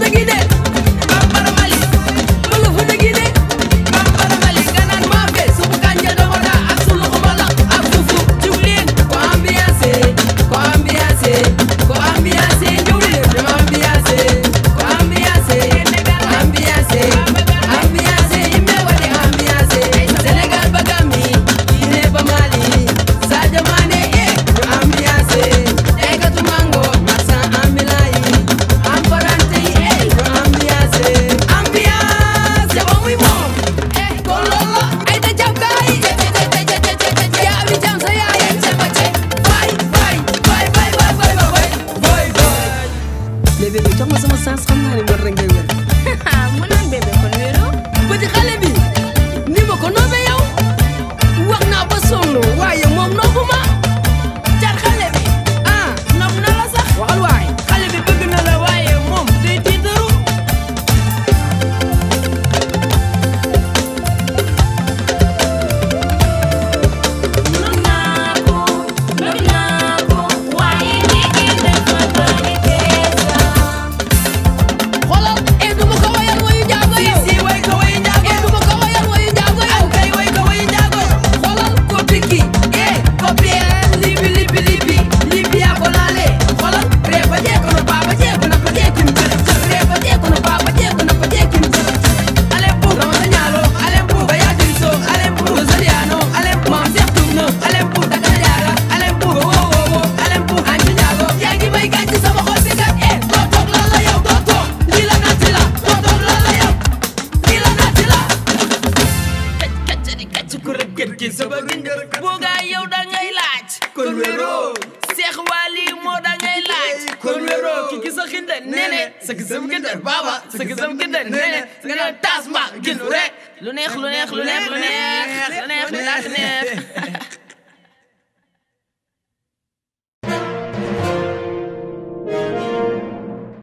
the guinea. bébé jox ma sama sens xam naa ne loolu rek ngay wér. mu naan bébé kon wéeroo. bëti xale bi ni ma ko noobee wax naa ba sonn kët ki sama gëngër boogaay yow da ngay laaj kon wéroo seex waali moo da ngay laaj kon wéroo ki ki sa xinda nene sa ki sam gëndër baaba sa ki sam gëndër nene nga naan taas mba gilu rek lu neex lu neex lu neex lu neex lu neex lu neex